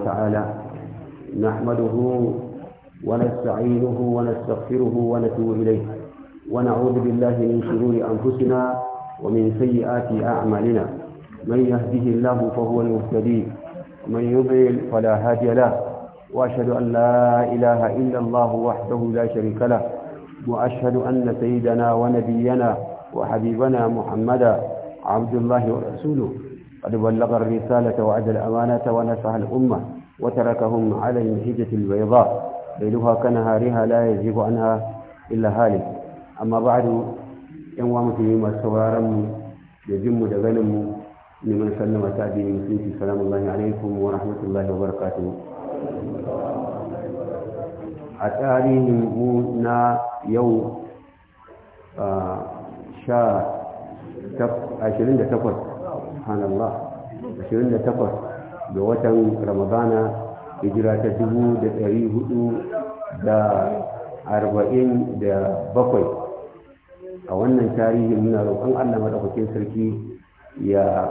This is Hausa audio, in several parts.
وتعالى نحمده ونستعينه ونستغفره ونتوب إليه ونعوذ بالله من شرور أنفسنا ومن سيئات أعمالنا من يهده الله فهو المهتدي ومن يضلل فلا هادي له وأشهد أن لا إله إلا الله وحده لا شريك له وأشهد أن سيدنا ونبينا وحبيبنا محمدا عبد الله ورسوله قد بلغ الرسالة وعد الأمانة ونصح الأمة وتركهم على المحجة البيضاء ليلها كنهارها لا يزيغ عنها إلا هالك أما بعد ينوى مسلمين والسوارم يجم دغنم لمن سلم تأدي المسلمين سلام الله عليكم ورحمة الله وبركاته أتاريه منا يوم شاء 28 subhanallah takwas, ga watan ramadana hijira ta dubu da ɗari hudu da arba'in da bakwai a wannan tarihi muna roƙon allah maɗaukakin sarki ya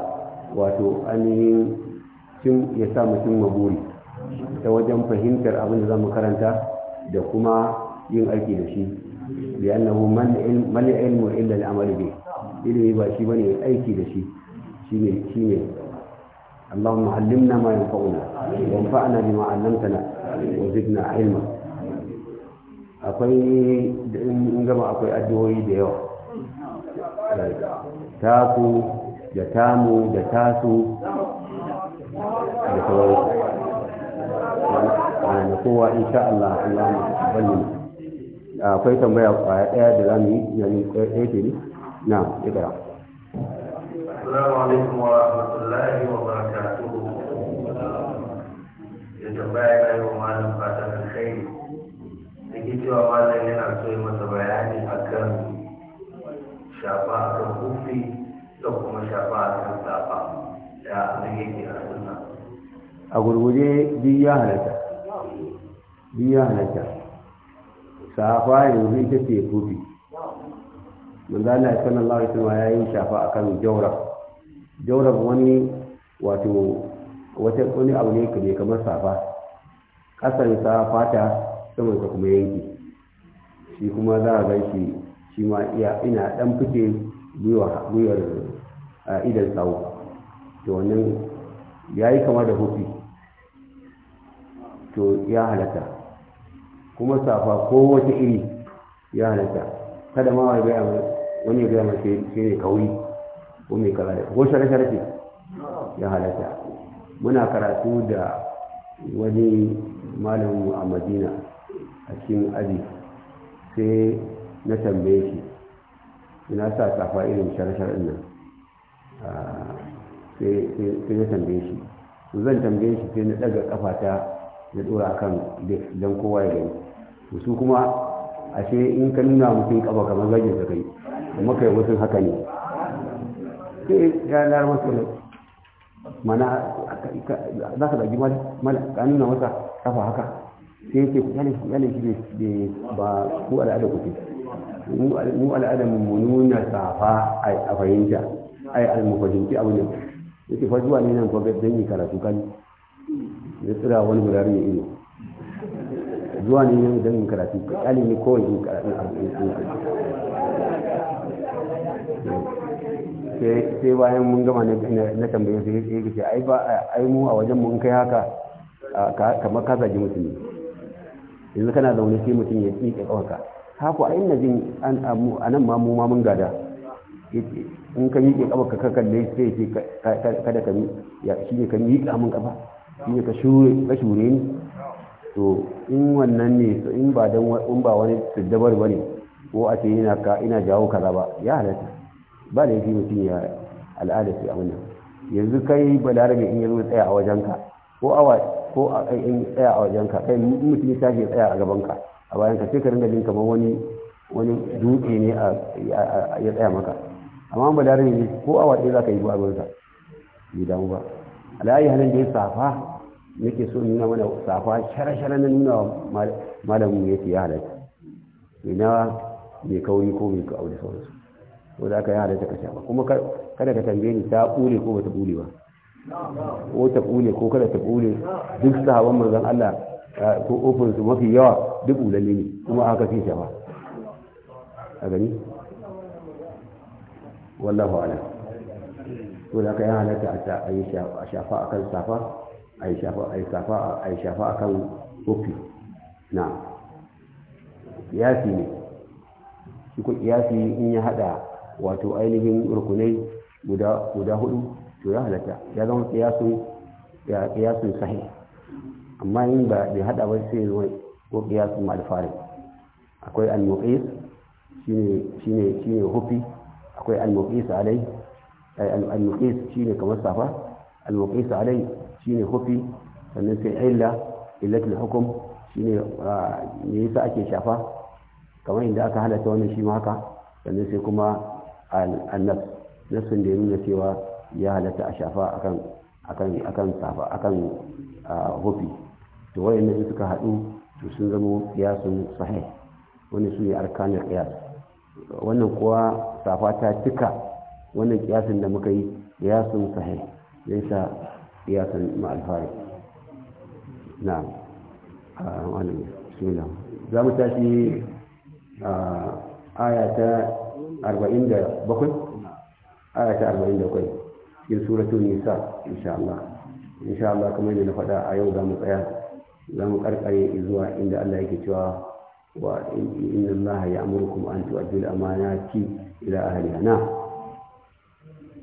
wato ainihin cin ya sa mutum maburi ta wajen fahimtar abin da za mu karanta da kuma yin aiki da shi da annahu man ilmu illa al'amali bi ilimi ba shi bane aiki da shi shine shine اللهم علمنا ما ينفعنا akwai in gama akwai addu'o'i da yawa eh, taku da tamu da tasu da kowa insha Allah akwai tambaya daya da zamu yi yayin ɗaya ke na السلام عليكم ورحمة الله وبركاته يتبعنا يوم عالم فاتح الخير لكي توا مالا ينعطي متبعاني أكام شافاء كفوفي لكم شافاء كفافا يا أمريكي يا سنة أقول ودي دي يا دي يا هلتا شافاء يومي تتي كوفي manzo Allah sallallahu alaihi wasallam ya yi shafa akan jawra jaurar wani wato wata wani abu ne kaje kamar safa ƙasan sa fata saman ka kuma yanki shi kuma za a gan shi shi ma iya ina dan fice gwiwar idan sawo to wannan ya yi kama da hufi to ya halatta kuma safa ko wata iri ya halatta kada ma wani gaya wani bai ne kauri ko mai kaza da ko shara-shara ya halatta muna karatu da wani malamu a madina a cikin aji sai na tambaye shi ina sa safa irin shara-shara nan ah, sai na tambaye shi zan tambaye shi sai na daga kafata na dora kan don kowa ya gani su kuma ashe in ka nuna mutum kafa kamar zagin da kai amma kai wasu haka ne sai ranar wasu ne mana za ka zagi mala ka nuna wata kafa haka sai yake ku yanayi shi ne ba ku al'ada ku ce mu al'ada mu nuna safa a fahimta ai almufajinci abu ne yake ce zuwa ne nan fa don yi karatu kan ya tsira wani wurare ya ido zuwa ne nan don yi karatu ka ne kawai yi karatu sai bayan mun gama na tambaye su ya ce ai ba ai mu a wajen mun kai haka kamar ka gaji mutum yanzu kana zaune sai mutum ya tsike kawaka haku a inna jin a nan ma mu ma mun gada in ka miƙe kawaka ka kalle sai ce kada ka ya shi ne ka miƙa mun kafa shi ne ka shure shure ni to in wannan ne in ba wani in ba wani tuddabar ko a ce ina ka ina jawo kaza ba ya halatta ba da yafi mutum ya al'ada su a nan yanzu kai balarabe in yanzu tsaya a wajenka ko awa ko in tsaya a wajenka kai mutum ya tashi tsaya a gabanka a bayanka sai ka ringa jin kamar wani wani dutse ne ya tsaya maka amma balarabe ne ko awa ɗaya za ka yi ba a gurinsa bai damu ba alayi halin da ya safa yake so nuna mana safa shara-shara na nuna wa malamin yake ya halatta ina mai kauri ko mai kauri sauransu ko da ka yara ta kasha ba kuma kada ka tambaye ni ta kule ko bata kule ba ko ta kule ko kada ta kule duk sahaban manzon Allah ko ofin su mafi yawa duk ulalle ne kuma aka fi shafa a gani wallahu ala da yi halatta a shafa a kan safa a yi shafa a kan na ne shi ko in ya hada wato ainihin rukunai guda hudu to ya halatta ya zama kiyasun sahi amma yin ba bai hada ba sai zuwa ko kiyasun malfari akwai al-muqis shine shine hufi akwai al-muqis alai eh, al-muqis shine kamar safa al-muqis alai shine hufi sannan sai illa illatul hukum shine ah, me yasa ake shafa kamar inda aka halatta wannan shi ma haka sannan sai kuma annab nassin da ya nuna cewa ya halatta a shafa akan akan akan safa akan hufi to wayannan suka haɗu to sun zama qiyasun sahih wannan su ne arkanin qiyas wannan kuwa safa ta cika wannan qiyasin da muka yi qiyasun sahih laysa qiyasan ma'al farid na'am a wannan bismillah za mu tashi ayata arba'in da bakwai aya ta arba'in da bakwai cikin suratun nisa insha Allah insha Allah kamar yadda na faɗa a yau za mu tsaya za mu karkare zuwa inda Allah yake cewa wa inna Allah ya'murukum an tu'addu al-amanati ila ahliha na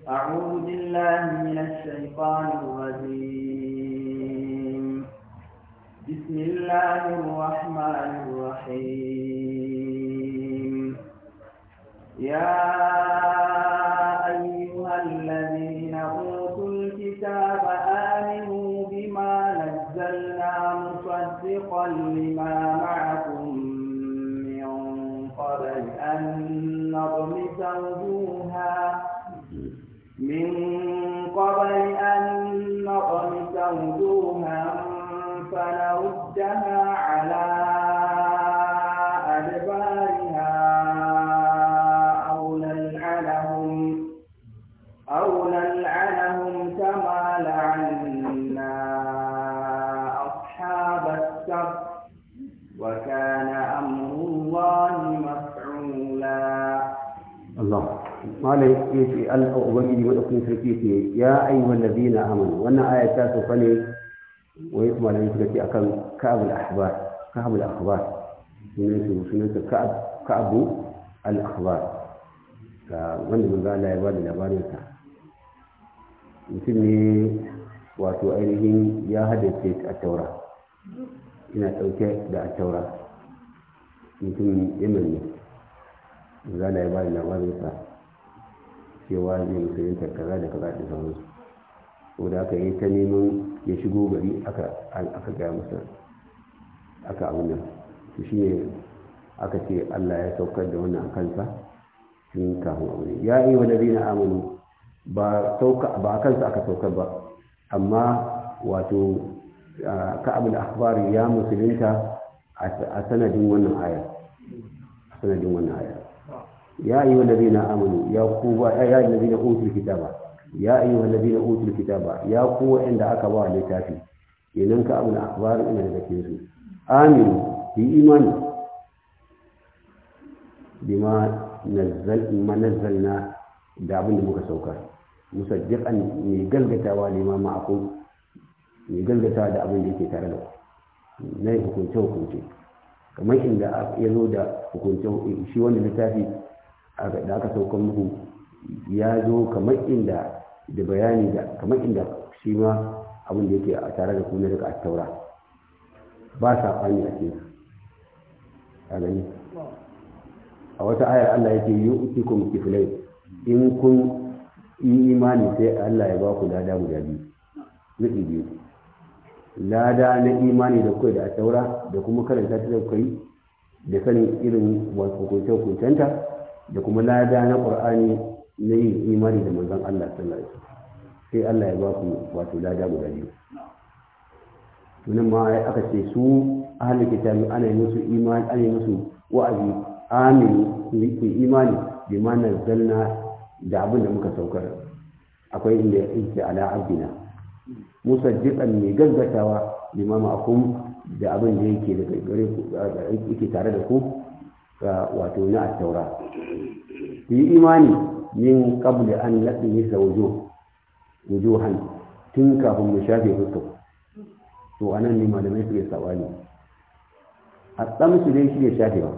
أعوذ بالله من الشيطان الرجيم بسم الله الرحمن الرحيم يا Allah ubangiji madaukakin sarki ce ya ayyuhal ladina amanu wannan aya ta sofa ne wai kuma da suka ce akan ka'abul ahbar ka'abul ahbar sunan su sunan su ka'abu al akhbar ga wanda manzo Allah ya bada labarin sa mutum ne wato ainihin ya haddace a taura ina dauke da a taura mutum yaman ne manzo Allah ya bada labarin sa cewa zai yin kaza da kaza da sauransu ko da aka yi ta neman ya shigo gari aka gaya masa aka abin nan su shi ne aka ce allah ya saukar da wannan kansa sun kafin abu ya yi wa nabi na amini ba a kansa aka saukar ba amma wato ka akhbar ya musulunta a sanadin wannan aya a sanadin wannan aya ya ayyuha allazina amanu ya ku ba ya ayyuha allazina utul kitaba ya ayyuha allazina utul kitaba ya ku wanda aka ba littafi kenan ka abu akhbar ina daga cikin su aminu bi imani bima da abin da muka saukar musaddiqan mai galgatawa ne ma ma'akum mai galgatawa da abin da yake tare da na hukunce hukunce kamar inda ya zo da hukunce shi wanda littafi da aka saukan muku ya zo kamar inda da bayani da kamar inda shi ma abin da yake a tare da kuma daga attaura ba saɓani a cikin a gani a wata ayar Allah yake yi utikum kiflai in kun yi imani sai Allah ya ba ku lada guda biyu nufi biyu lada na imani da kai da attaura da kuma karanta ta da kai da sanin irin wasu hukunce-hukuncenta da kuma lada na qur'ani na yin imani da manzan Allah sallallahu alaihi wasallam sai Allah ya ba ku wato lada guda biyu tunan ma aka ce su ahli kitabi ana yi musu imani ana yi musu wa'azi aminu ku imani bi ma nazzalna da abin da muka saukar akwai inda yake ala abdina jikan ne gaggatawa limama akum da abin da yake tare da ku wato na taura, ku yi imani min kabla an nasihi zawjo wujuhan tun kafin mu shafe fuska to anan ne malamai suke ne. a tsamsu dai shi ne shafewa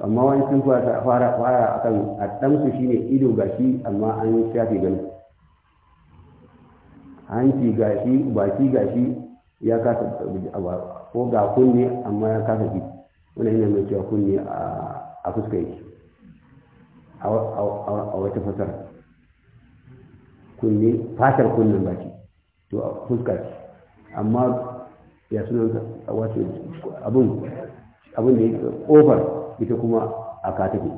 amma wani sun fara fara akan a tsamsu shi ne ido gashi amma an shafe gani hanci shi baki gashi ya kasa ko ga kunne amma ya kasa ji wani yana mai cewa kunne a fuska yake a wata fasar kunne fatar kunnen ba ce to a fuska ce amma ya suna wato abin abin da ya kofar ita kuma a katafi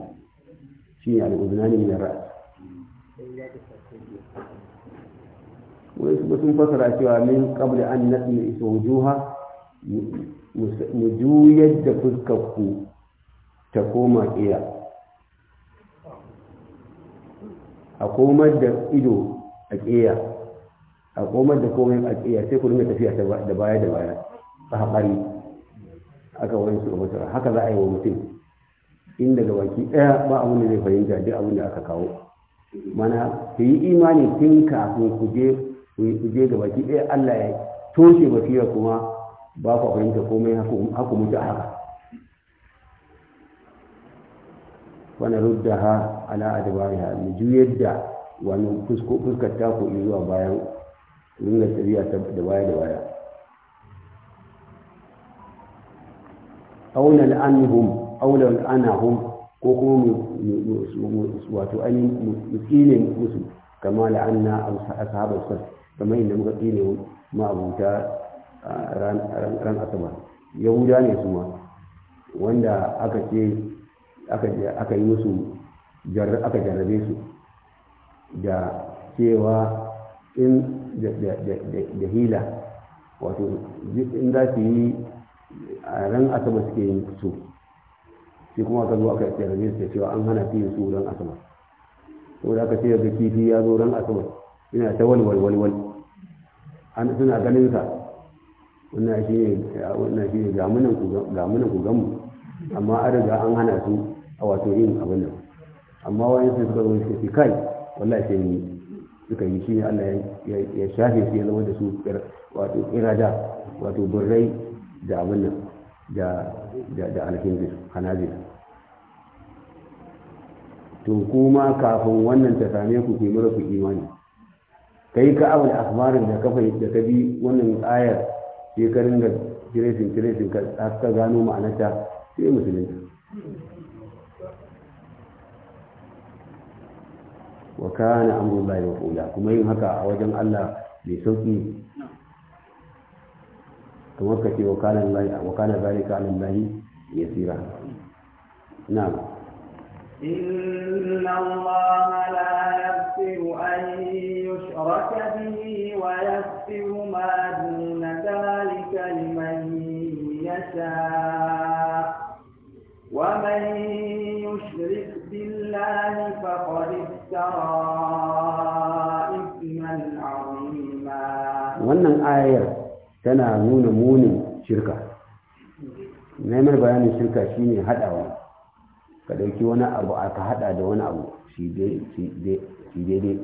shi ne al'udunani min ra'a wani sun fasara cewa min qabla an nasmi iswujuha mu juyar da fuskarku ta koma iya a koma da ido a iya a koma da komai a iya sai ku dinga tafiya da baya da baya ta haɓari aka wani su masara haka za a yi wa mutum inda ga baki ɗaya ba abin da zai fahimta duk abin da aka kawo mana ku yi imani tun kafin ku je ku je ga baki ɗaya Allah ya toshe basira kuma ba ku fahimta komai haku mutu a haka wani rudda ha ala adabari ha mu juyar da wani fuskar taku zuwa bayan ringa tafiya da baya da baya auna al'anuhum auna al'anahum ko kuma wato ainihin mutsine musu kama la'anna ashabar sar kamar inda muka tsine ma abuta ran asabar yahuda ne su ma wanda aka ce aka yi musu aka jarrabe su da cewa in da hila wato in za su yi a ran asabar suke yin su sai kuma aka zo aka jarrabe su da cewa an hana fiye su ran asabar to da aka ce ga kifi ya zo ran asabar ina ta walwalwal an suna ganin sa wannan shi ne wannan shi ne ku gamu amma an riga an hana su a wato yin abin nan amma wani sai suka zo shi kai wallahi sai ni suka yi shi Allah ya shafe su ya zama da su wato irada wato burrai da abin nan da da alhindir hanazir to kuma kafin wannan ta same ku ke mura ku imani kai ka awal akhbarin da ka da ka bi wannan ayar sai ka ringa tracing tracing ka ka gano ma'anarta sai musulunta wa kana amrullahi mafula kuma yin haka a wajen Allah mai sauki kamar ka ce wa kana zalika alallahi yasira na'am إن الله لا يغفر أن يشرك به ويغفر ما دون ذلك لمن يشاء ومن يشرك بالله فقد افترى إثما عظيما wannan ayar tana nuna munin shirka. Na yi bayani shirka shine haɗawa ka ɗauki wani abu ka haɗa da wani abu shi daidai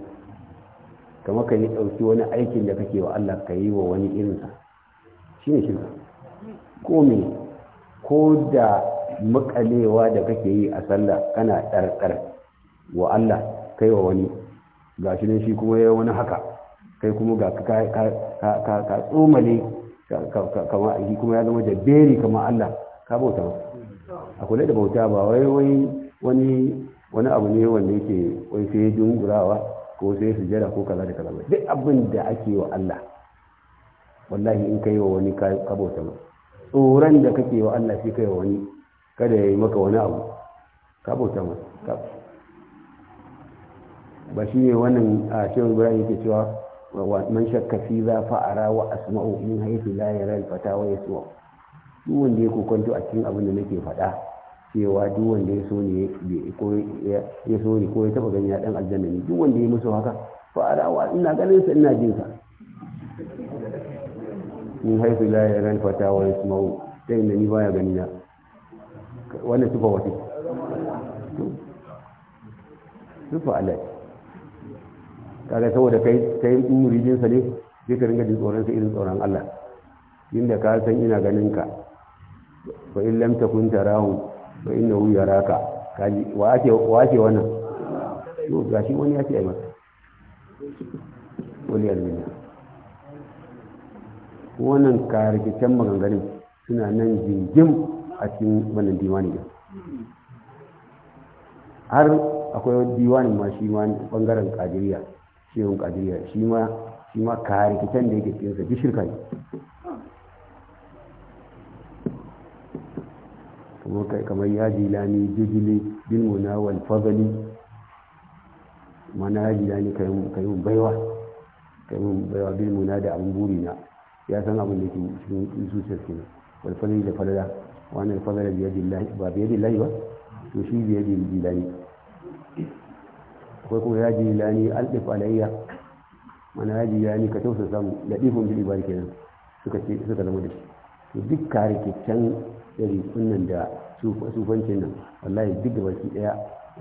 kama ka yi ɗauki wani aikin da kake wa Allah ka yi wa wani irinsa shi ne shirka ko me ko da makalewa da kake yi a sallah kana ɗarɗar wa Allah kai wa wani ga shi ne shi kuma ya wani haka kai kuma ga ka tsomale kama shi kuma ya zama jabberi kama Allah ka bauta a kula da bauta ba wai wani wani abu ne wanda yake wai sai dungurawa ko sai jira, ko kaza da kaza duk abin da ake wa Allah wallahi in kai wa wani ka bauta ma tsoron da kake wa Allah shi kai wa wani kada ya yi maka wani abu ka bauta ma ba shi ne wannan a shehu ibrahim yake cewa man shakka fi za fa'ara wa asma'u min haythu la yara al-fata wa yasma'u duk wanda ya kokonto a cikin abin da nake faɗa cewa duk wanda ya so ne ya so ne ko ya taba gani ya ɗan aljanna ne duk wanda ya musu haka fa arawa ina ganin sa ina jin sa in haifu la ran fata wa yasma'u sai inda ni baya gani na wannan sufa wata sufa alai kaga saboda kai kai muridin sa ne sai ka ringa jin tsoron sa irin tsoron Allah inda ka san ina ganin ka fa in lam takun tarahu fa innahu yaraka kaji wa ake wa ake wannan to gashi wani ya ai masa wani almina wannan karkicen maganganun suna nan jingim a cikin wannan diwani din har akwai diwani ma shi ma bangaren kadiriya shehun kadiriya shi ma shi ma karkicen da yake cikin sa bishirka ne kuma kamar ya jilani jigili bilmuna wal fadli mana jilani kai mun baiwa kai mun baiwa bilmuna da abin burina ya san abin da ke cikin zuciyar ke wal fadli da falala wannan fadla bi yadillahi ba bi yadillahi ba to shi bi jilani akwai kuma ya jilani aldif alayya mana ya jilani ka tausasa mu ladifun bil ibadi kenan suka ce suka zama da shi to duk kare kyakkyan irin kunnan da sufancin nan wallahi duk da baki daya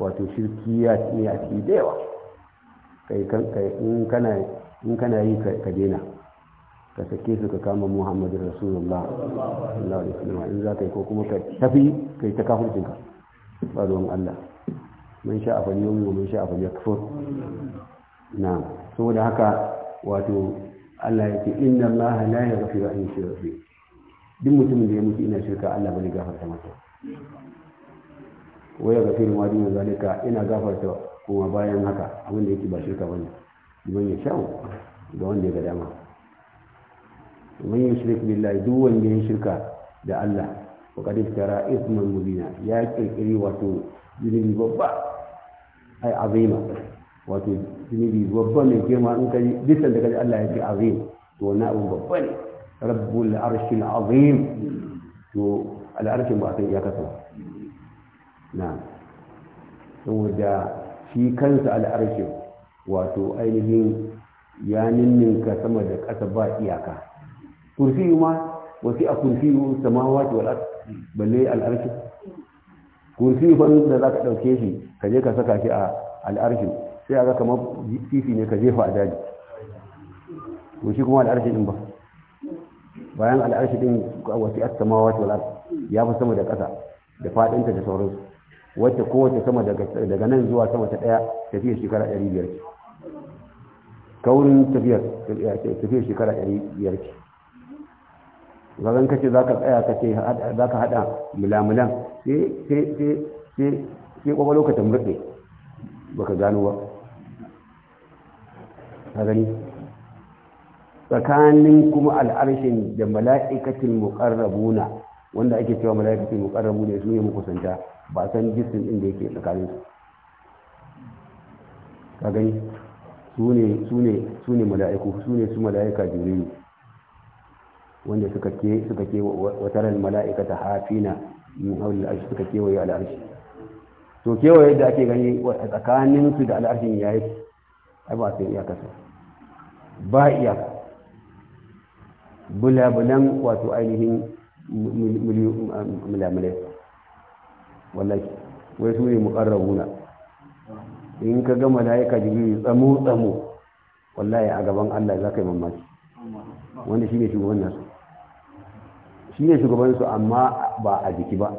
wato shirki ya ne a ciki da yawa kai in kana in kana yi ka daina ka sake su ka kama muhammadu rasulullah sallallahu alaihi wasallam in za ka yi ko kuma ka tafi kai ta kafircin ka ba ruwan Allah mun sha afal yomi wa mun sha afal kafur na saboda haka wato Allah yake inna Allah la yaghfiru an yushraka bihi duk mutumin da ya mutu ina shirka Allah bane gafarta masa waya ga firin wadi na zalika ina gafarta kuma bayan haka abin da yake ba shirka bane duban ya shawo da wanda ya ga dama man yushrik billahi duk wanda ya shirka da Allah faqad iftara isman mubina ya kirkiri wato zunubi babba ai azima wato zunubi babba mai girma in kai bisan da kai Allah ya ce azim to wannan abu babba ne rabbul arshil azim to al'arshin ba san iyaka ba na saboda shi kansa al'arshin wato ainihin ya ninninka sama da ƙasa ba iyaka kursi ma wasi a kursi samawati wal ardh balle al'arshi kursi fa da za ka ɗauke shi ka je ka saka shi a al'arshi sai ga kamar fifi ne ka jefa a daji to shi kuma al'arshi din ba bayan al'arshi din wasi as-samawati wal ya fi sama da ƙasa da fadinta da sauransu wacce kowace sama daga nan zuwa sama ta daya tafiya shekara 500 ce kaurin tafiyar tafiya shekara biyar. ce zazen kace ka tsaya kace ka hada mulamulan sai sai sai sai ba ka gano ba gani tsakanin kuma al'arshin da mala'ikacin muqarrabuna wanda ake cewa mala'ikacin muqarrabuna su ne makusanta ba san jisin din da yake tsakanin su ka gani su ne su ne su ne mala'iku su ne su mala'ika jibrilu wanda suka ke suka ke wataran mala'ikata hafina min hawli al'arshi suka kewaye al'arshi to kewaye da ake gani tsakanin su da al'arshin yayi ai ba sai iyaka ba iyaka bulabulan wato ainihin mulamulai wallahi wai su ne muƙarrabuna in ka ga mala'ika jibril tsamo tsamo wallahi a gaban Allah za ka yi mamaki wanda shine shugaban nasu shine shugaban su amma ba a jiki ba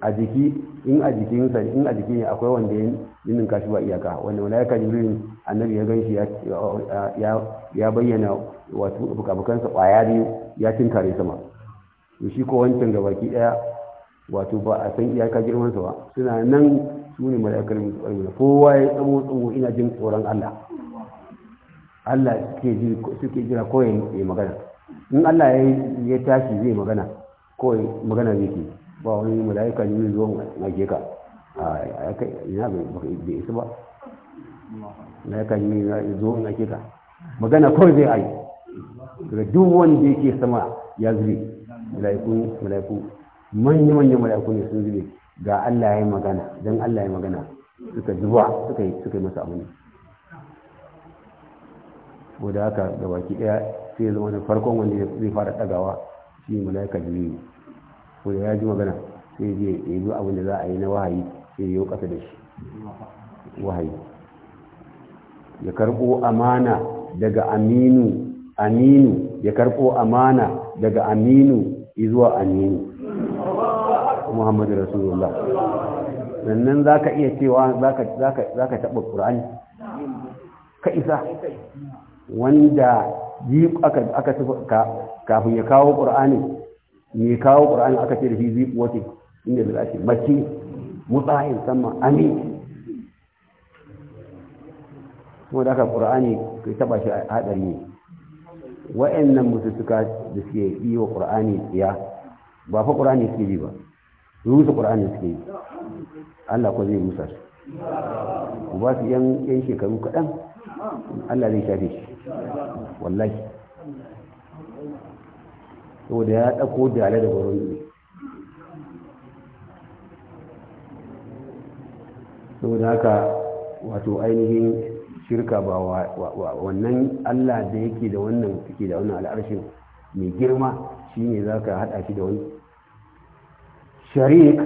a jiki in a jikinsa in a jiki ne akwai wanda yin ninka kashi ba iyaka wanda mala'ika jibril annabi ya ganshi ya bayyana wato fukafukansa ƙwaya biyu ya tinkare sama to shi ko wancan gabaki ɗaya wato ba a san iyaka girmansa ba suna nan su ne mala'ikar mutuwar kowa ya tsamo tsamo ina jin tsoron Allah Allah suke jira ko ya magana in Allah ya tashi zai magana ko magana zai ke ba wani mala'ika ne zuwa mage ka a ina bai isa ba mala'ika ne zuwa mage ka magana kawai zai ayi daga duk wanda yake sama ya zube mala'iku mala'iku manya manyan mala'iku ne sun zube ga Allah ya yi magana don Allah ya yi magana suka zuba suka yi suka yi masa abu ne ko da haka ga baki daya sai zama da farkon wanda zai fara dagawa shi mala'ika jibrilu ko da ya ji magana sai je ya yi abin da za a yi na wahayi sai ya yi kasa da shi wahayi ya karbo amana daga aminu aminu ya karɓo amana daga aminu zuwa aminu muhammadu rasulullah sannan za ka iya cewa za ka taɓa ƙura'ani ka isa wanda yi aka kafin ya kawo ƙura'ani ne kawo ƙura'ani aka ce da shi zai wace inda zai ake mace mutsahin sama amin kuma da aka ƙura'ani ka taɓa shi a haɗari ne wa'annan mututuka da suke yi wa ƙur'ani tsiya ba fa ƙur'ani suke yi ba rusa ƙur'ani suke yi Allah ko zai rusa su ku ba su yan yan shekaru kaɗan Allah zai shafe shi wallahi saboda ya ɗauko dale da gwaron ne saboda haka wato ainihin shirka ba wannan Allah da yake da wannan yake da wannan al'arshin mai girma shine zaka hada shi da wani sharik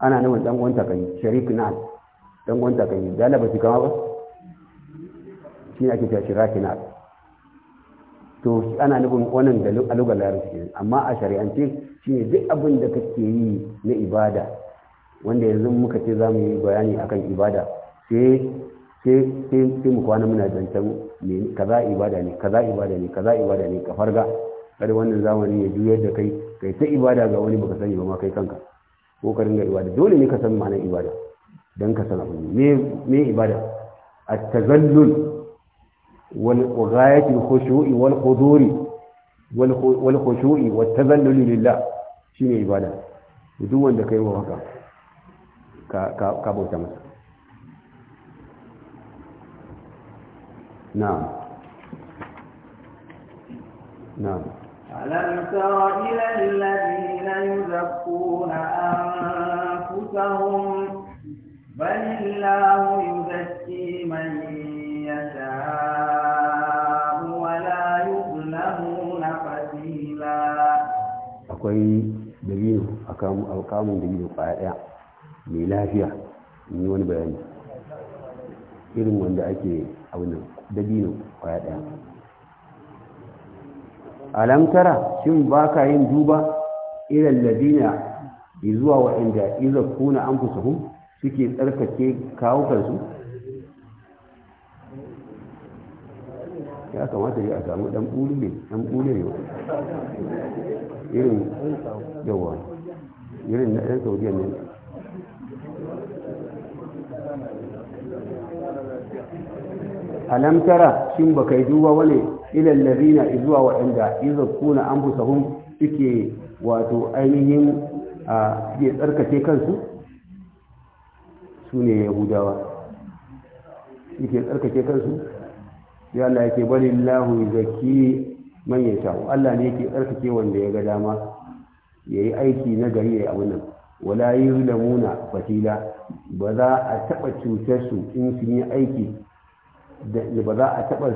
ana nufin dan gwanta kan sharik na dan gwanta kai ba shi kama ba shine ake cewa shiraki na to ana nufin wannan da lugal larabci amma a shari'ance shine duk abin da kake yi na ibada wanda yanzu muka ce za mu yi bayani akan ibada sai sai mu kwana muna zancen ne kaza ibada ne kaza ibada ne kaza ibada ne ka farga kar wannan zamani ya juyar da kai kai ta ibada ga wani baka sani ba ma kai kanka ko ka ringa ibada dole ne ka san ma'anar ibada dan ka san abu ne me ibada a tazallul wal ghayat al-khushu'i wal khuduri wal khushu'i wat tazallul lillah shine ibada duk wanda kai wa haka ka ka bauta masa نعم نعم ألم تر إلى الذين يزكون أنفسهم بل الله يزكي من يشاء ولا يظلمون فتيلا akwai dalilin alkamun dalilin kwaya mai lafiya in yi wani bayani irin wanda ake abinan dabino kwaya ɗaya alamtara shin ba ka yin duba irin labina zuwa waɗanda iza kuna an hu suke tsarkake kawukansu ya kamata ya samu ɗan ɓulure ɗan ɓulure irin yawon irin na ɗan saudiya ne alam tara shin baka yi duba wani ilal ladina izuwa an yuzakkuna anfusahum suke wato ainihin a suke tsarkake kansu sune yahudawa suke tsarkake kansu ya Allah yake bari Allahu zaki man shahu Allah ne yake tsarkake wanda ya ga dama yayi aiki na gari yayi abin nan wala yuzlamuna fatila ba za a taba cutar su in sun yi aiki da ba za a taɓa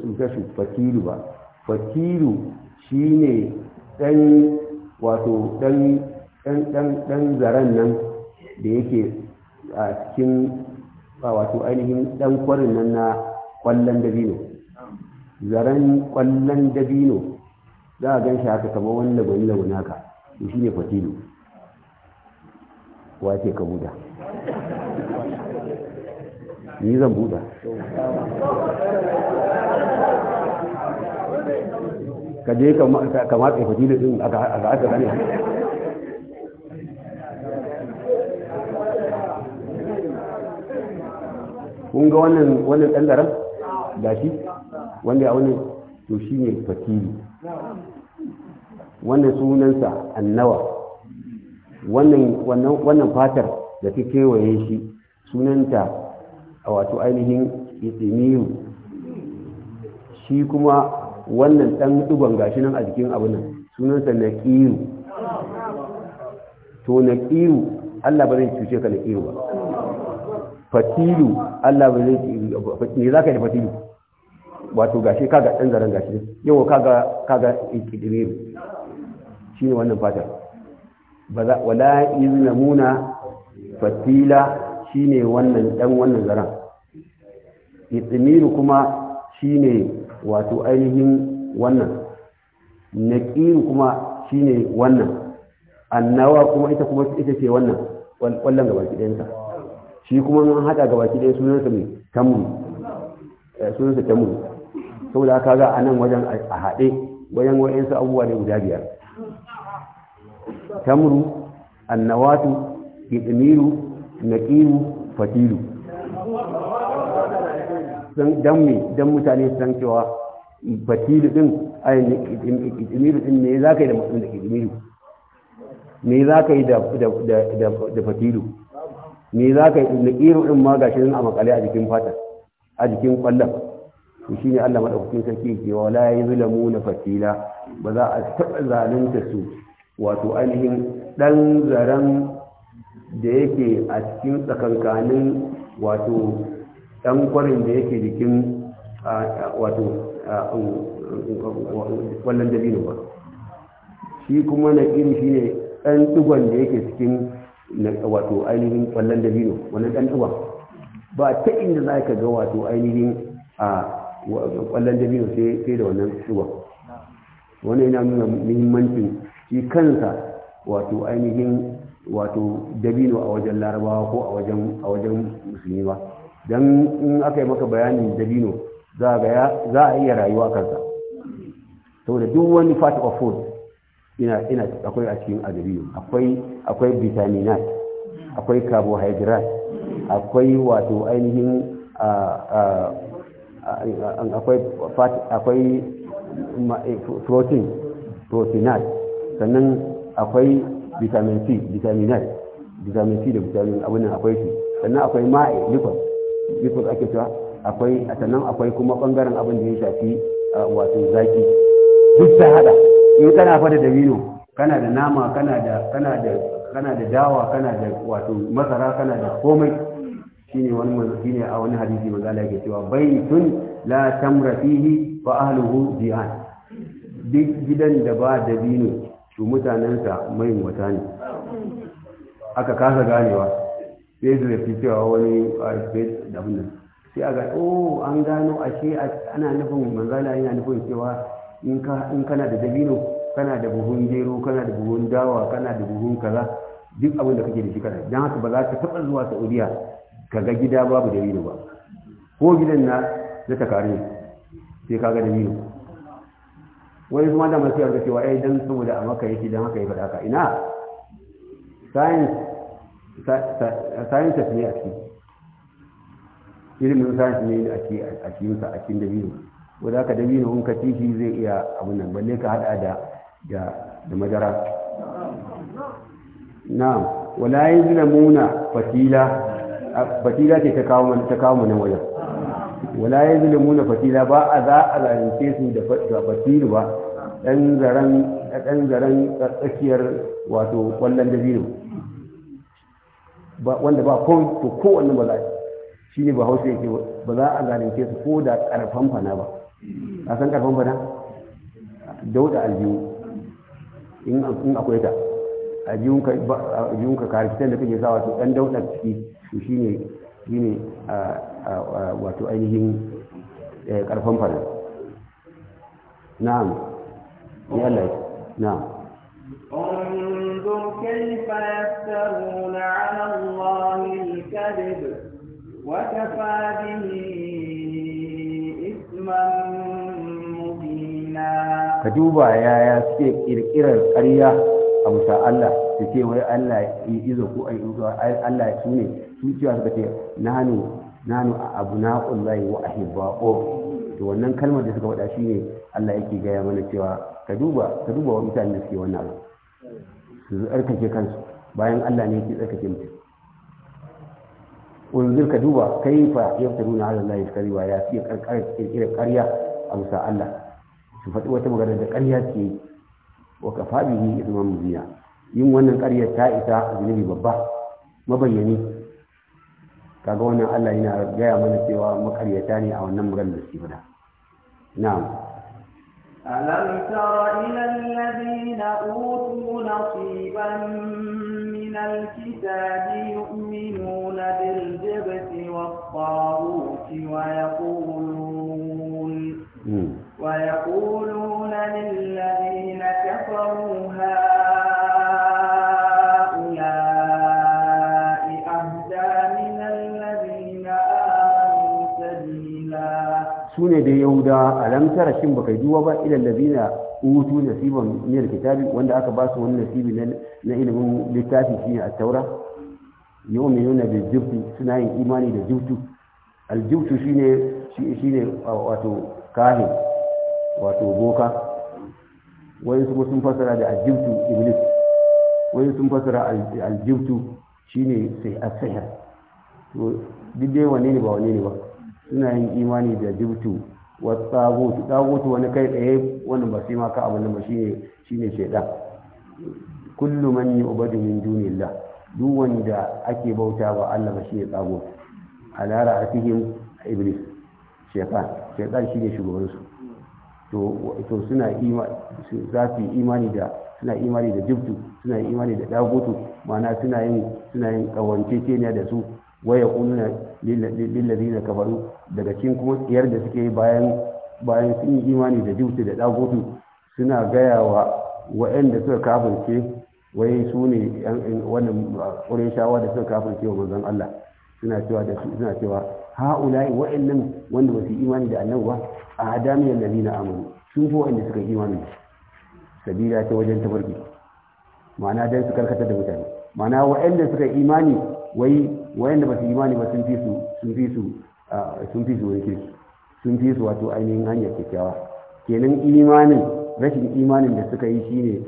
cutar shi fatilu ba fatilu shi ne ɗan wato ɗan zaren nan da yake a cikin wato ainihin ɗan kwarin nan na ƙwallon dabino zaren ƙwallon dabino za a ganshi haka kamar wanda lagwani-lagwani wunaka shi ne fatilu wace kabuda ni zan buɗa ka je ka matse fadilin ɗin a ga aka gani kun ga wannan wannan ɗangaren ga shi wanda ya wani to shi ne fatili wannan sunansa annawa wannan fatar da ta kewaye shi sunanta a wato ainihin itsimiyu shi kuma wannan ɗan ɗigon gashi nan a jikin abu nan sunansa na kiru. to na kiru, allah ba zai cuce ka na kiru ba fatilu allah ba zai ne za ka yi fatilu wato gashi kaga ɗan zaren gashi Yau kaga kaga itsimiyu shi ne wannan fatar wala izinamuna fatila shine wannan dan wannan zaren itsimiru kuma shine wato ainihin wannan naqiru kuma shine wannan annawa kuma ita kuma ita ce wannan wallan gabaki ɗayansa shi kuma an haɗa gabaki ɗaya sunansa mai tamuri eh, sunansa tamu saboda haka ga a nan wajen a haɗe wajen wa'insu abubuwa ne guda biyar tamuru annawatu itsimiru naqiyu fadilu dan dammi dan mutane san cewa fadilu din ai idimiru din ne zaka yi da mutum da idimiru me zaka yi da da da da fadilu me zakai yi naqiru din ma gashi din a makale a jikin fata a jikin kwallon to shine Allah madaukakin sarki ke wa la na fatila ba za a taba zalunta su wato ainihin dan zaren da yake a cikin tsakankanin wato ɗan kwarin da yake jikin wato kwallon um, um, dabino ba shi kuma na iri shi ne ɗan ɗigon da yake cikin wato ainihin kwallon dabino wani ɗan ɗigon ba ta inda za ka ga wato ainihin a kwallon dabino sai da wannan ɗigon wani yana nuna muhimmancin shi kansa wato ainihin wato dabino a wajen larabawa ko a wajen a wajen musulmi ba dan in aka yi maka bayanin dabino za a iya rayuwa kansa saboda duk wani part of food ina ina akwai a cikin dabino akwai akwai akwai carbohydrate akwai wato ainihin akwai fat akwai eh, protein proteinat sannan akwai vitamin c vitaminate vitamin c da vitamin abin akwai shi sannan akwai ma'i liquid liquid ake cewa akwai sannan akwai kuma bangaren abin da ya shafi wato zaki duk ta hada in kana fada da vino kana da nama kana da kana da kana da dawa kana da wato masara kana da komai shine wani shine a wani hadisi manzo Allah yake cewa baitun la tamra fihi fa ahluhu bi'an duk gidan da ba da vino su mutanensa mai wata ne aka kasa ganewa sai su zafi cewa wani a space da nan sai a ga oh an gano ashe ana nufin manzala yana nufin cewa in kana da dabino kana da buhun gero kana da buhun dawa kana da buhun kaza duk abin da kake da shi kana don haka ba za ka taɓa zuwa saudiya ka ga gida babu dabino ba ko gidan na da ta kare sai ka ga dabino wani kuma da masu yarda cewa ai eh, dan saboda a maka yake dan haka ya faɗa ka ina science science ne a ciki ilimin science ne a ciki a cikin sa a cikin dabino wanda haka dabino in ka tishi zai iya abin nan balle ka hada da da madara na'am wala yuzlamuna fatila fatila ce ta kawo mana ta kawo mana wajen wala ya zile muna fatila ba a za a zalunce su da fatilu ba ɗan zaren tsakiyar wato ƙwallon dabino wanda ba ko to kowanne ba za shi ne ba hausa yake ba za a zalunce su ko da ƙarfan fana ba a san ƙarfan fana dauda aljihu in akwai ta aljihun ka karfi da kake sawa wato ɗan dauda ciki shi ne. shi ne wato ainihin ƙarfan fara na'am ya Allah na'am انظر كيف يفترون على الله الكذب وكفى به إثما مبينا كجوبا يا يا سيك إرقر القرية a Allah su ce wai Allah ya izo ko ai Allah ya sune su cewa suka ce nanu nanu abu na ƙullahi wa o? to wannan kalmar da suka faɗa shine Allah yake gaya mana cewa ka duba ka duba wa mutanen da suke wannan abu su tsarkake kansu bayan Allah ne yake tsarkake mutum unzir ka duba ya yaftaruna ala Allah kariba ya fiye kirkirar ƙarya a musa Allah su faɗi wata magana da karya ce wa kafa bihi ithman mubina yin wannan ƙaryar ta ita zunubi babba mabayyani kaga wannan Allah yana gaya mana cewa makaryata ne a wannan maganar da suke fada na'am alam tara ila alladhina utu nasiban min alkitabi yu'minuna bil jibti wa yaqulun hmm. wa yaqulun su ne dai yahuda a ramsara shin baka duwa ba idan da zina utu nasiban niyar kitabi wanda aka ba su wani nasibi na ilimin littafi shi a taura yau mai nuna da jirtu suna yin imani da jirtu aljirtu shi ne wato kahin wato boka wai kuma sun fasara da aljibtu iblis wai sun fasara aljibtu shine sai asahar to duk wane ne ba wane ne ba suna yin imani da jibtu wa tsagutu tsagutu wani kai tsaye wannan ba sai ma ka abin nan ba shine shine shaidan kullu man yu'badu min dunillah duk wanda ake bauta ba Allah ba shine tsagutu ala ra'atihim iblis shaitan shaitan shine shugabansu to suna za su yi imani da suna imani da jibtu suna imani da dagutu mana suna yin suna yin kawanceceniya da su waya kununa lillazina kafaru daga cikin kuma tsiyar da suke bayan bayan sun yi imani da jibtu da dagutu suna gaya wa wa'anda suka kafirce wai su ne wannan shawa da suka kafirce wa manzon Allah suna cewa da suna cewa ha'ula'i wa'annan wanda ba su imani da annabi ba a hadamiyar na amuru sun fi wa'anda suka yi imani sabila ta wajen tabarki ma'ana don su karkatar da mutane ma'ana wa'anda suka yi imani wai wa'anda ba su imani ba sun fi su sun fi su sun fi su wani kirki sun fi su wato ainihin hanyar kyakkyawa kenan imanin rashin imanin da suka yi shine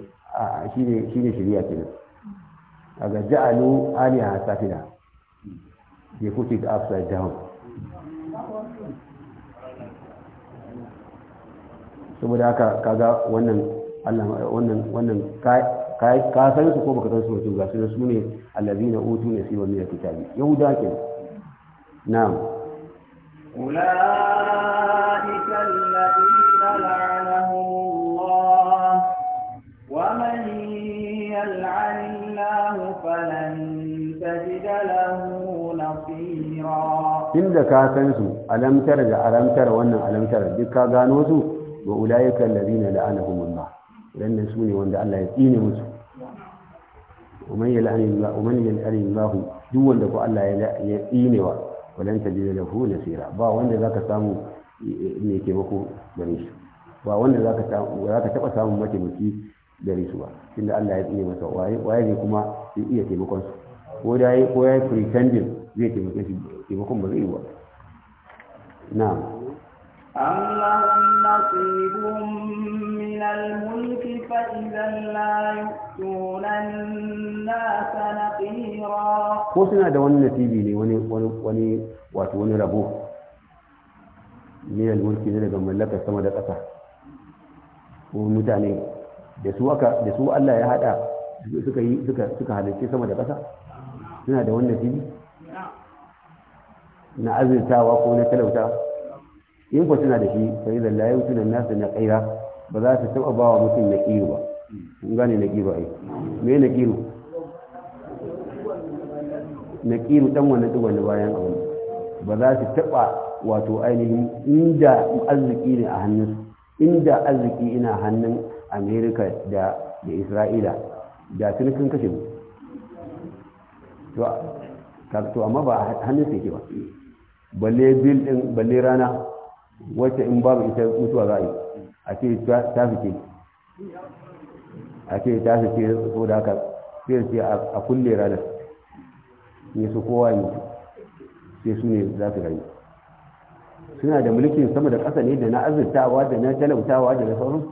shine shine shari'a kenan a ga ja'alu aliha safila they kuke ga upside down saboda haka kaga wannan Allah wannan wannan ka san su ko baka san su ba to ga su ne allazina utu ne sai wannan kitabi yahuda ke na'am ulaika allazina la'anahumullah wa man yal'anillahu falan tajid lahu nasira inda ka san su alamtar da alamtar wannan alamtar duk ka gano su wa ulaika allazina la'anahumullah wannan su ne wanda Allah ya tsine musu ومن يلعن ومن يلعن allah duk wanda ko Allah ya tsinewa walan tajida lahu nasira ba wanda zaka samu eh, mai taimako gare shi ba wanda zaka samu zaka taba samun mataimaki gare su ba tunda Allah ya tsine masa waye waye ne kuma ya iya taimakon su ko da yayi ko yayi pretending zai taimake shi taimakon ba zai yi ba na'am أم لهم نصيب من الملك فإذا لا يؤتون الناس نقيرا ko suna da لي وني ne wani wato wani rabo minal mulki ne daga mallakar sama da ƙasa ko mutane da su Allah ya haɗa suka yi suka halarci sama da ƙasa suna da wannan nasibi na azurtawa ko na talautawa in ku tana da shi sai da la yutuna nasu na qira ba za ta taba ba wa mutum na kiru ba kun gane na kiru ai me na kiru na kiru dan wannan digon bayan abu ba za ta taba wato ainihin inda arziki ne a hannun inda arziki ina hannun america da da isra'ila da tuni sun kashe mu to amma ba hannun sai ke ba balle bil din balle rana wacce in babu ita mutuwa za a yi a ce ta fice a ce ta fice ko da haka sai ce a kulle ranar ne su kowa yi sai su ne za su rayu suna da mulkin sama da ƙasa ne da na azurtawa da na talautawa da na sauran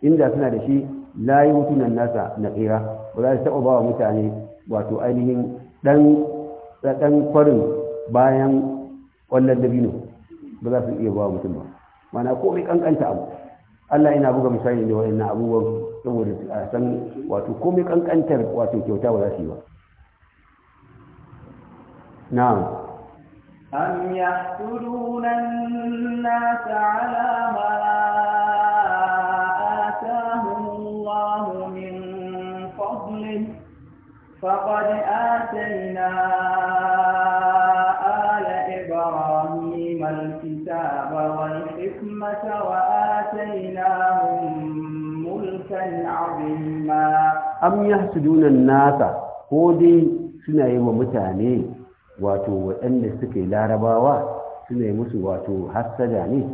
inda suna da shi layi mutunan nasa na tsira ba za su taɓa ba wa mutane wato ainihin ɗan kwarin bayan ƙwallon dabino ba za su iya ba mutum ba mana komai kankanta abu Allah yana buga misali da wayannan abubuwan saboda a san wato komai kankantar wato kyauta ba za su yi ba na'am أم يحسدون الناس على ما آتاهم الله من فضله فقد آتينا الكتاب والحكمة وآتيناهم ko dai suna yi wa mutane wato waɗanda suke larabawa suna yi musu wato hassada ne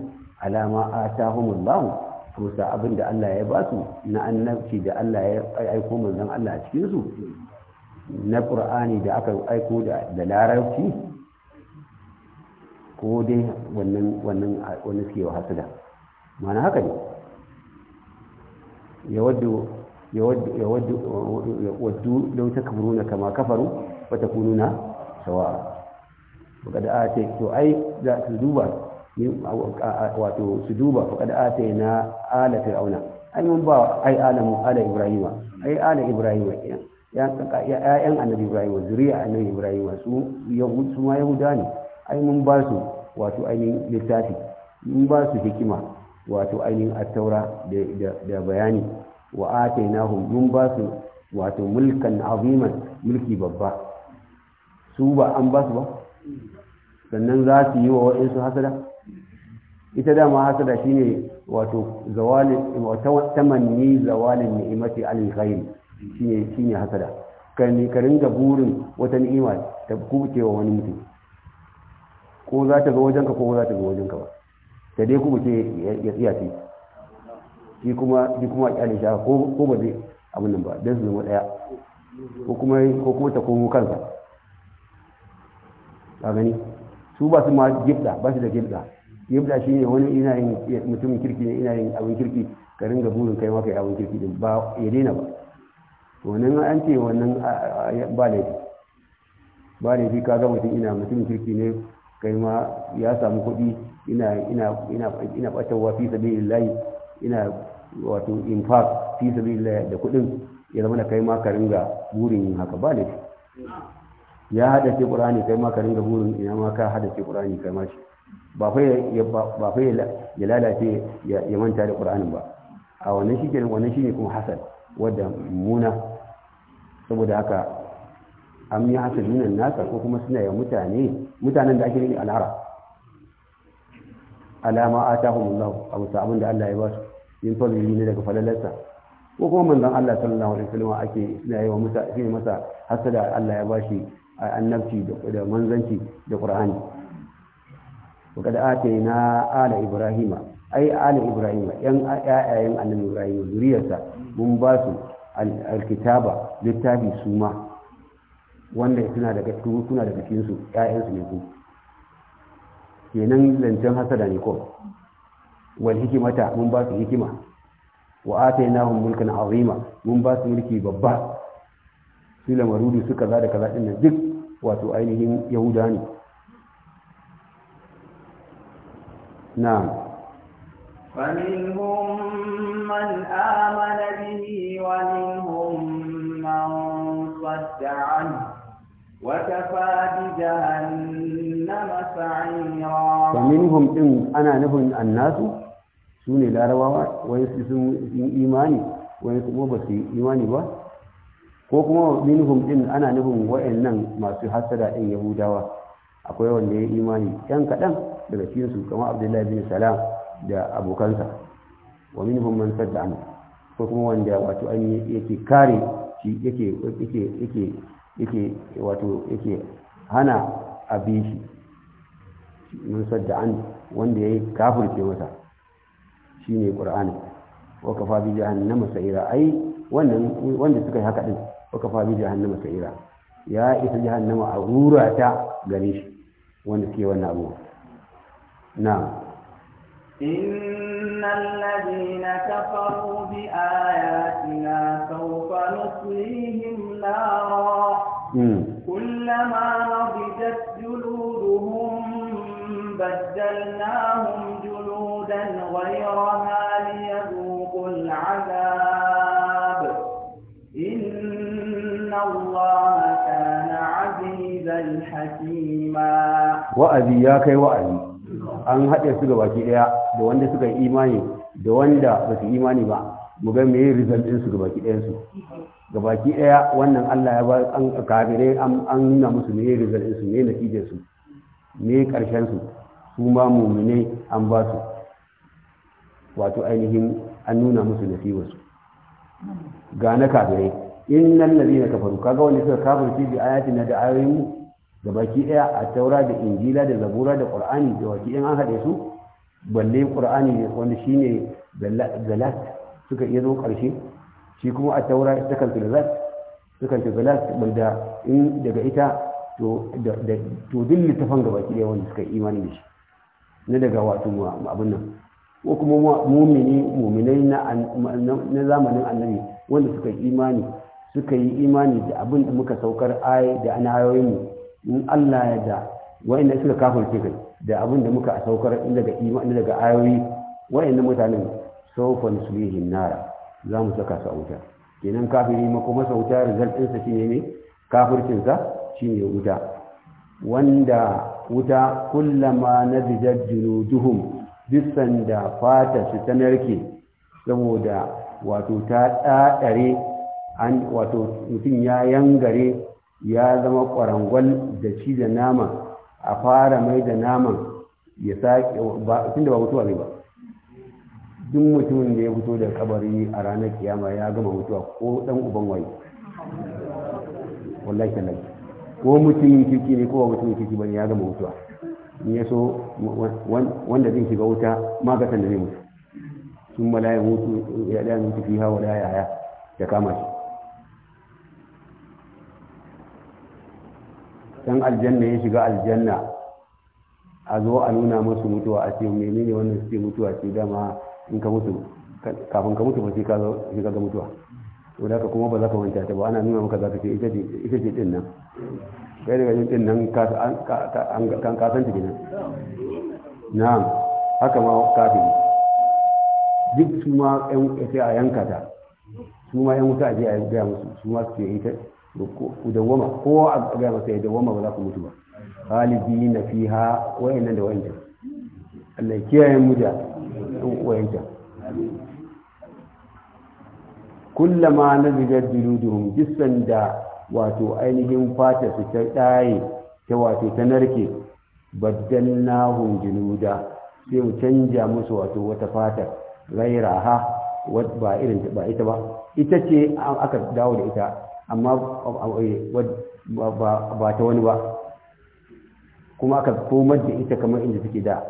alama a tahumun lahu to sa abin da Allah ya ba su na annabci da Allah ya aiko manzan Allah a cikinsu na ƙur'ani da aka aiko da larabci ko dai wannan wannan wani suke wa hasada mana haka ne ya waddu ya waddu ya waddu ya takfuruna kama kafaru wa takununa sawa Baka a ce to ai za su duba wato su duba baka a ce na ala fir'auna ai mun ba ai mu ala ibrahima ai ala ibrahima ya ‘ya'yan annabi Ibrahim zuriya annabi Ibrahim su ma Yahuda ne ai mun ba su wato ainihin littafi in ba su hikima wato ainihin attaura da bayani wa nahu in ba su wato mulkan aziman mulki babba su ba an ba su ba sannan za su yi wa waɗansu hasada ita dama hasada shi wato wato tamanni zawalin ni'imati al-ghayr shi ne hasada kan ka ringa burin wata ni'ima ta kuke wa wani mutum ko za ta zo wajenka ko za ta zo wajenka ba ta dai kuma ce ya tsiya ce shi kuma shi kuma kyale shi ko ko ba zai abin nan ba dan su zama daya ko kuma ko kuma ta komo kansa ba gani su ba su ma gifta ba su da gifta shi ne wani ina yin mutumin kirki ne ina yin abin kirki ka ringa burin kai maka abin kirki din ba ya daina ba wannan an ce wannan ba laifi ba laifi ka ga mutum ina mutumin kirki ne kai ma ya samu kuɗi ina ina ina ina ɓatarwa fi sabilillahi ina wato infaq fi sabilillahi da kuɗin ya zama da kai ma ka ringa burin haka ba ne ya hada ce qur'ani kai ma ka ringa burin ina ma ka hada ce qur'ani kai ma shi ba fa ba fa ya lalace ya manta da qur'anin ba a wannan shi kenan wannan shine kuma hasan wadda muna saboda haka am ya hasa junan nasa ko kuma suna yi mutane mutanen da ake yi al'ara alama a ta humullahu abu ta abin da Allah ya ba su yin fadli ne daga falalarsa ko kuma manzan Allah sallallahu alaihi wasallam ake suna yi wa musa shi masa hasada Allah ya ba shi annabci da manzanci da qur'ani wa kad na ala ibrahima ai ala ibrahima yan ayayen annabi ibrahim zuriyarsa mun ba su alkitaba littafi su ma. Wanda suna daga cikin suna daga cikin su ƴaƴan su ne ku kenan lancen hasada ne ko wal hikimata mun ba su hikima wa atainahum mulkan azima mun ba su mulki babba su lamarudu su kaza da kaza din duk wato ainihin yahuda ne نعم فمنهم من آمن به ومنهم من صد عنه وكفى بجهنم سعيرا فمنهم إن أنا نفهم الناس سوني لا رواوا ويسلسون إيماني ويسلسون بسي إيماني با ko kuma minhum din ana nufin wa'annan masu hasada din yahudawa akwai wanda ya imani ɗan kaɗan daga cikin su kamar abdullahi bin salam da abokansa wa minhum man sadda an ko kuma wanda wato an yake kare shi yake yake yake yake wato yake hana abin shi mun sadda an wanda ya yi kafirce wata shi ne ƙur'ani waka fa bi jahannama sa'ira ai wannan wanda suka yi haka din waka fa bi jahannama sa'ira ya isa jahannama a rura ta gare shi wanda suke wannan abu na إن الذين كفروا بآياتنا سوف نصليهم نارا كلما نضجت جلودهم بدلناهم جلودا غيرها ليذوقوا العذاب إن الله كان عزيزا حكيما وأبي يا كي وأبي an haɗe su ga baki ɗaya da wanda suka yi imani da wanda ba su imani ba mu ga me result ɗinsu ga baki ɗayansu ga baki ɗaya wannan Allah ya ba an kafire an nuna musu me result ɗinsu me natijar su me ƙarshen su su ma mumine an ba su wato ainihin an nuna musu natijar su ga na kafire innal ladina kafaru kaga wanda suka kafirci bi ayatina da ayoyin mu da baki ɗaya a taura da injila da zabura da ƙur'ani da waki in an haɗe su balle ƙur'ani wanda shi ne galat suka iya zo ƙarshe shi kuma a taura ta kanta galat ta kanta galat wanda in daga ita to dilli littafan da baki ɗaya wanda suka imani da shi na daga wato abin nan ko kuma mumini muminai na zamanin annabi wanda suka imani suka yi imani da abin da muka saukar ayi da ayoyin mu in Allah ya da wa'annan suka kafirce kai da abin da muka saukar inda daga inda daga ayoyi wa'annan mutanen su nuslihim nara za mu saka su a wuta kenan kafiri ma kuma sauta result ɗinsa shine ne kafircinsa shine wuta wanda wuta kullama zijar junuduhum duk da fata su ta narke saboda wato ta ɗaɗare an wato mutum ya yangare ya zama kwarangwal. da ci da nama a fara mai da naman ya sake ba tunda ba mutuwa ne ba duk mutumin da ya fito da kabari a ranar kiyama ya gama mutuwa ko dan uban waye wallahi kallai ko mutumin kirki ne ko mutumin kirki bane ya gama mutuwa in ya so wanda zai shiga wuta magatan da zai mutu sun mala ya mutu ya da mutu fiha wala ya ya ta kama shi san aljanna ya shiga aljanna a zo a nuna musu mutuwa a ce menene wannan suke mutuwa ce dama in ka mutu kafin ka mutu ba sai ka shiga ga mutuwa to da kuma ba za ka wanta ta ba ana nuna maka za ka ce ita ce din nan kai daga yin din nan ka kan ka san ta kenan na haka ma kafiri duk su ma yan sai a yanka ta su ma yan wuta a je a gaya musu su ma su ce ita ku dawwama kowa a ga masa ya dawwama ba za ku mutu ba halibi na ha wayannan da wayancan Allah kiyaye mu da wayancan kullama nazigar juluduhum bisan da wato ainihin fata su ta ɗaye ta wato ta narke nahun juluda sai mu canja musu wato wata fata gairaha ba irin ba ita ba ita ce aka dawo da ita amma ba ta wani ba kuma aka komar da ita kamar inda take da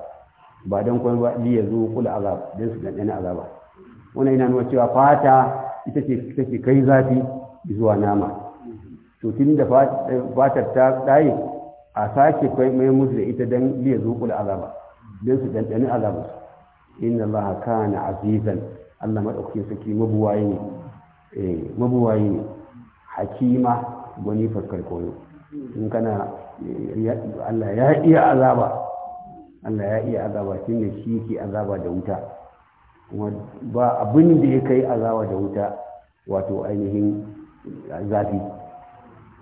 ba don kwan ba liya zo kula azab don su ɗanɗana azaba wani yana nuna cewa fata ita ce kai zafi zuwa nama to tun da fatar ta tsaye a sake mai musu da ita don liya zo kula azaba don su ɗanɗana azaba inna allaha kana azizan allah madaukakin saki mabuwaye ne eh, ne hakima gwani fuskar koyo in kana Allah ya iya azaba Allah ya iya azaba shi da shi ke azaba da wuta kuma ba abin da ya kai azaba da wuta wato ainihin zafi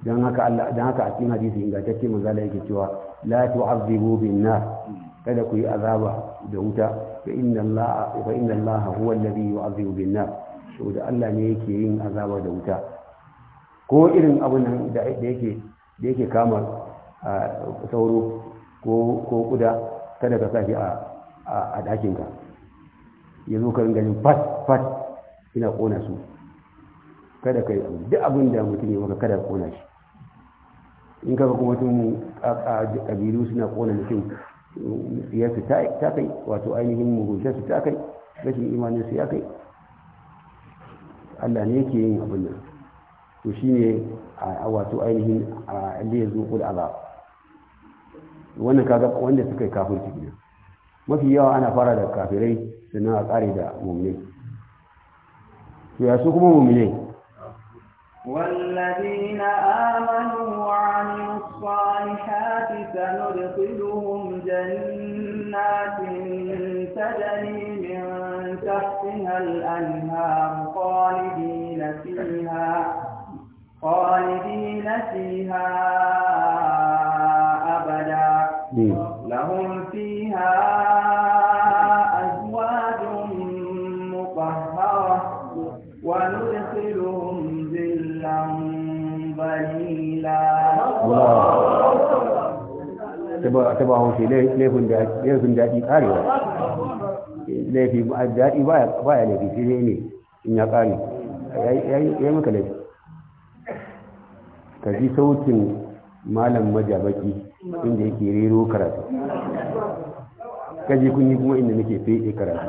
don haka Allah don haka a cikin hadisi ingantacce manzala yake cewa la tu'azzibu bin nar kada ku yi azaba da wuta fa inna Allah fa inna Allah huwa alladhi yu'azzibu bin nar saboda Allah ne yake yin azaba da wuta ko irin abin da yake kama sauro ko kuda kada ka sashi a ɗakinka ya zo karin ganin fat fat ina ƙona su kada ka yi duk abin da mutum ya maka kada ka ƙona shi in kaga kuma tun Kabiru suna kona mutum siyarsu ta kai wato ainihin muguntarsu ta kai rashin imaninsu ya kai Allah ne yake yin abin nan to shi ne a wato ainihin da ya zuƙu da azab wannan kaga wanda suka yi kafin ciki ne mafi yawa ana fara da kafirai sannan a ƙare da mummine. to ya su kuma mummune والذين آمنوا وعملوا الصالحات سندخلهم جنات تجري من تحتها الأنهار خالدين فيها خالدين فيها أبدا لهم فيها أزواج مطهرة وندخلهم ذلا ظليلا تبعه شيء ليه ليه كن جاي ليه كن جاي قاري ليه في جاي باي باي ليه في شيء ني إني قاري يا يا يا مكلف ka ji sautin malam majabaki inda yake rero karatu ka ji kun yi kuma inda nake fede karatu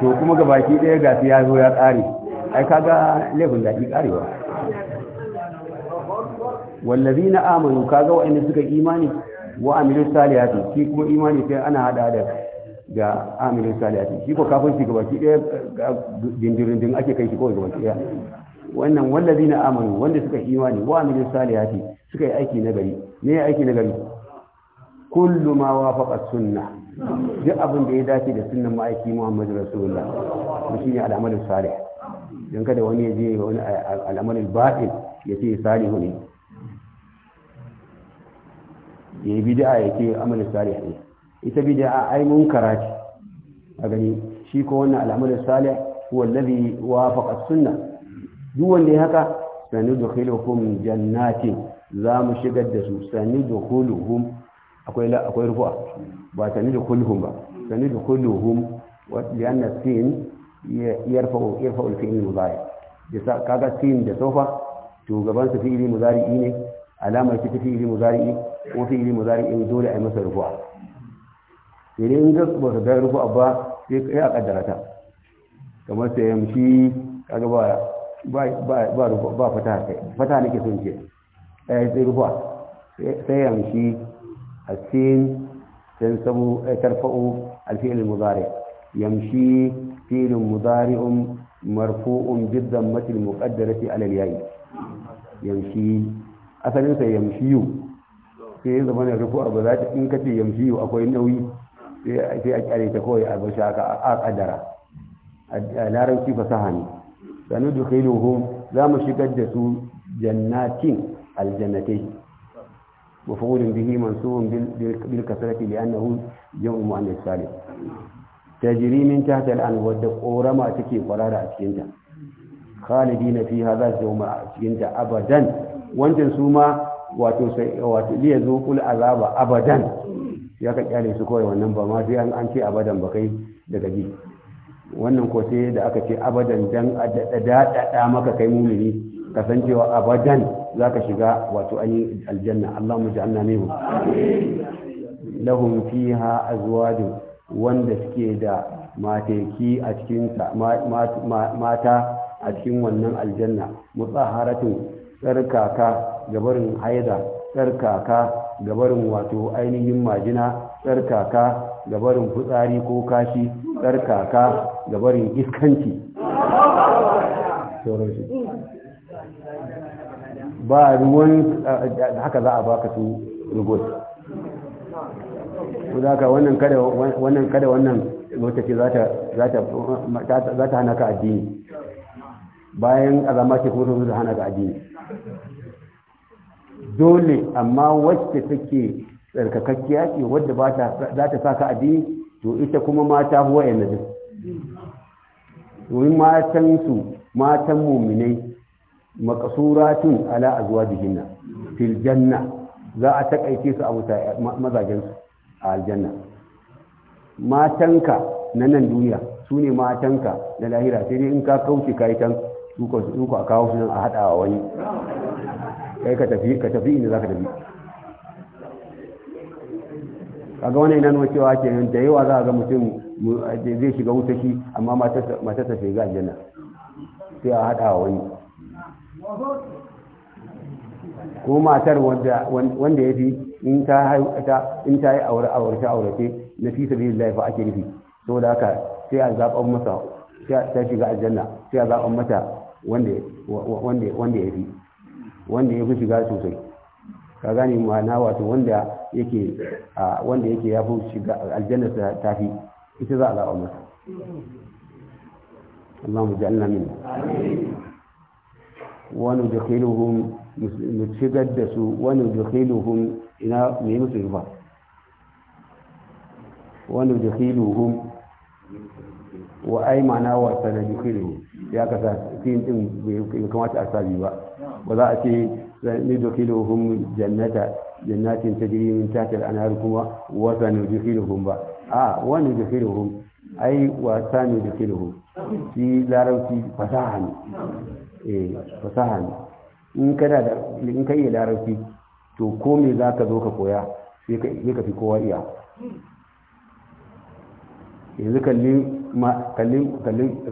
to kuma ga baki ɗaya ga ya zo ya ƙare ai kaga laifin daɗi ƙarewa wallazi na amanu kaga wa'anda suka imani wa amilu salihati shi kuma imani sai ana hada da da amirin salihati shi ko kafin shi gabaki ɗaya dindirindin ake kai shi kawai gabaki ɗaya wannan wallazi na amanu wanda suka imani wa amirin salihati suka yi aiki na gari me ya aiki na gari kullu ma wafaqa sunna duk abin da ya dace da sunnan ma'aiki muhammadu rasulullah shi shine al'amalin salih don kada wani ya je wani al'amalin batil ya ce salihu ne ya yi bid'a ya ce amalin salih ne ita da ai mun ce a gani shi ko wannan al'amal salih huwa alladhi wafaqa sunna duk wanda ya haka sanudkhilukum jannatin za mu shigar da su sanudkhuluhum akwai la akwai rufa ba sanudkhuluhum ba sanudkhuluhum wa lianna sin yarfa'u yarfa'u al-fi'l al-mudari yasa kaga sin da sofa to gaban su fi'li mudari ne alamar ta fi'li mudari ko fi'li mudari dole ai masa rufa sai in ga ba ga rufa ba sai ka a kamar sai yamshi kaga ba ba ba ba fata kai fata nake son eh sai sai yamshi asin sai a kyare ta kawai a bashi aka a kadara a larabci fasaha ne sanu dukhiluhum za mu shigar da su jannatin aljannatai wa fa'ulun bihi mansubun bil kasrati li'annahu jam'u mu'annas salim tajri min tahta al-anwar da korama take kwarara a cikin ta khalidina fiha za su zama a cikin ta abadan wancan su ma wato sai wato liyazuqul azaba abadan sai aka kyale su kawai wannan ba ma sai an ce abadan ba kai daga ji wannan ko sai da aka ce abadan dan daɗaɗa maka kai mumini kasancewa abadan za ka shiga wato an yi aljanna Allah mu ja'alna minhu lahum fiha azwajun wanda suke da mateki a cikin mata a cikin wannan aljanna mutsaharatin tsarkaka gabarin haida tsarkaka gabarin wato ainihin majina tsarkaka gabarin fitsari ko kashi tsarkaka gabarin iskanci ba ruwan haka za a baka su rigot ko za ka wannan kada wannan lokaci za ta hana ka addini bayan azama ce kuma su hana ka addini dole amma wacce take tsarkakakkiya ce wadda za ta sa saka addini to ita kuma mata huwa yana najis domin matansu matan muminai makasuratun ala a zuwa fil filjanna za a takaice su a mazajensu a aljanna matanka na nan duniya su ne matanka na lahira sai dai in ka kauce ka yi can duka a kawo su nan a haɗawa wani kai ka tafi ka tafi inda zaka tafi kaga wannan ina nuna cewa kenan da yawa za a ga mutum zai shiga wuta shi amma mata ta shiga aljanna sai a haɗa wani ko matar wanda ya fi in ta yi aure aure ce na fi sabi lillahi fa ake nufi saboda haka sai a zaɓan masa ta shiga aljanna sai a zaɓan mata wanda ya fi wanda ya fi shiga sosai ka gane ma'ana wato wanda yake wanda yake ya fi shiga aljanna ta fi ita za a zaɓa masa Allah mu ja'alna min wani dukhiluhum mu shigar da su wani dukhiluhum ina mai musu ba wani dukhiluhum wa ay ma'ana wa sanadukhiluhum ya kasa tin din bai kamata a sabi ba ba za a ce nidkhiluhum jannata jannatin tajri min tahtiha al-anhar kuma wa sanudkhiluhum ba a wa nudkhiluhum ai wa sanudkhiluhum shi larauci fasaha ne eh fasaha ne in kana da in kai larauci to ko me ka zo ka koya sai ka fi kowa iya yanzu kalli kalli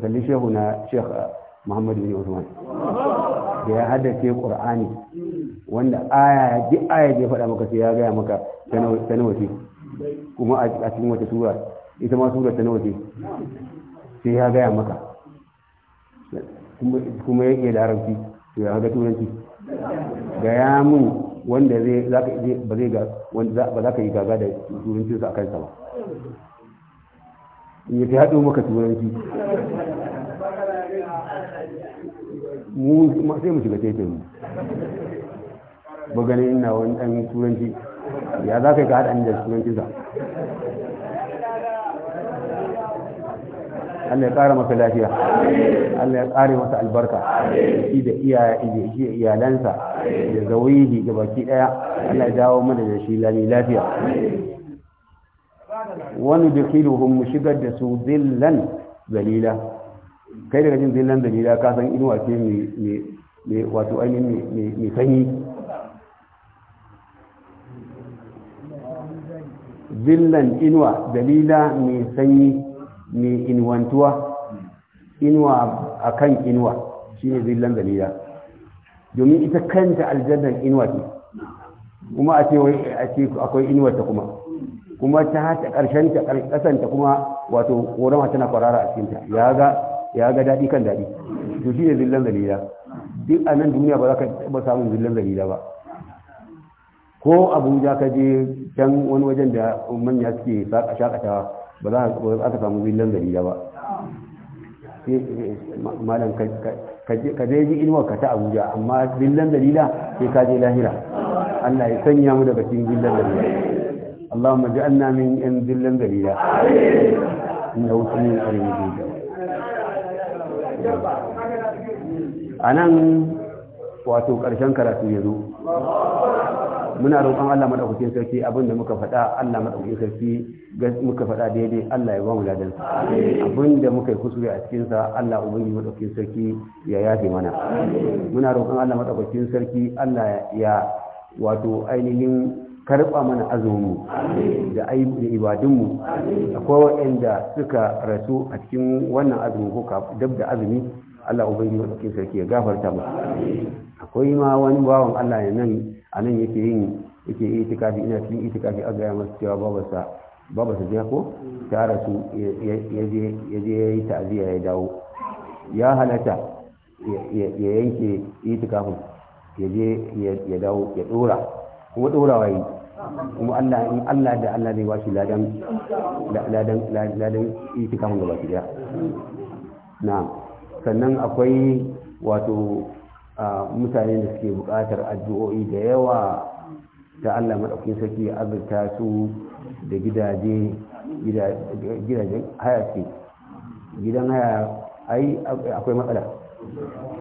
kalli shehu na shekh Muhammadu bin Usman da ya haddace qur'ani wanda aya duk aya da ya faɗa maka sai ya gaya maka ta na ce kuma a cikin wata sura ita ma sura ta na ce sai ya gaya maka kuma ya iya larabci to ya ga turanci gaya mun wanda ba zai ga wanda ba za ka yi gaga da turancinsa a kansa ba in ya fi haɗo maka turanci mu sai mu shiga taife mu ba ganin ina wani ɗan turanci ya za ka yi ka haɗa da turanci sa Allah ya ƙara masa lafiya Allah ya ƙare masa albarka shi da iyalansa da zawidi da baki ɗaya Allah ya dawo mana da shi lami lafiya wani dukiluhum mu shigar da su zillan zalila kai daga jin zillan da nida ka san inuwa ce mai wato ainihin mai sanyi zillan inuwa dalila mai sanyi mai inuwantuwa inuwa a kan inuwa shine zillan dalila domin ita kanta aljannar inuwa ce kuma a ce akwai inuwarta kuma kuma ta hata ƙarshen ta ƙasanta kuma wato ƙorama tana kwarara a cikinta ya ga ya ga daɗi kan daɗi to shi ne zillan zalila duk a nan duniya ba za ka taɓa samun zillan zalila ba ko abuja ka je can wani wajen da manya suke shakatawa ba za ka samu zillan zalila ba eh, malam ka je ji inuwar ka ta abuja amma zillan Zalila? sai ka je lahira Allah ya sanya mu daga cikin zillan dalila Allahumma ja'alna min yan zillan dalila inna husnul alim a nan wato ƙarshen karatu ya zo muna roƙon Allah maɗaukakin sarki abinda muka faɗa Allah maɗaukakin sarki muka faɗa daidai Allah ya ba mu ladan abinda muka yi kusuri a cikinsa sa Allah ubangi maɗaukakin sarki ya yafe mana muna roƙon Allah maɗaukakin sarki Allah ya wato ainihin karɓa mana azumin da ibadunmu akwai waɗanda suka rasu a cikin wannan azumin ko dab da azumi Allah ubangiji cikin sarki ya gafarta mu akwai ma wani bawan Allah ya nan a nan yake yin yake itikafi ina cikin itikafi a gaya masa cewa babarsa babarsa je ko ta rasu ya je ya yi ta'aziyya ya dawo ya halata ya yanke itikafin ya je ya dawo ya dora kuma dorawa yi kuma Allah in Allah da Allah zai washi ladan ladan ladan itikafin gaba daya Na sannan akwai wato mutane da suke buƙatar addu'o'i da yawa ta Allah madaukin sarki ya azurta su da gidaje gidajen haya gidan haya ai akwai matsala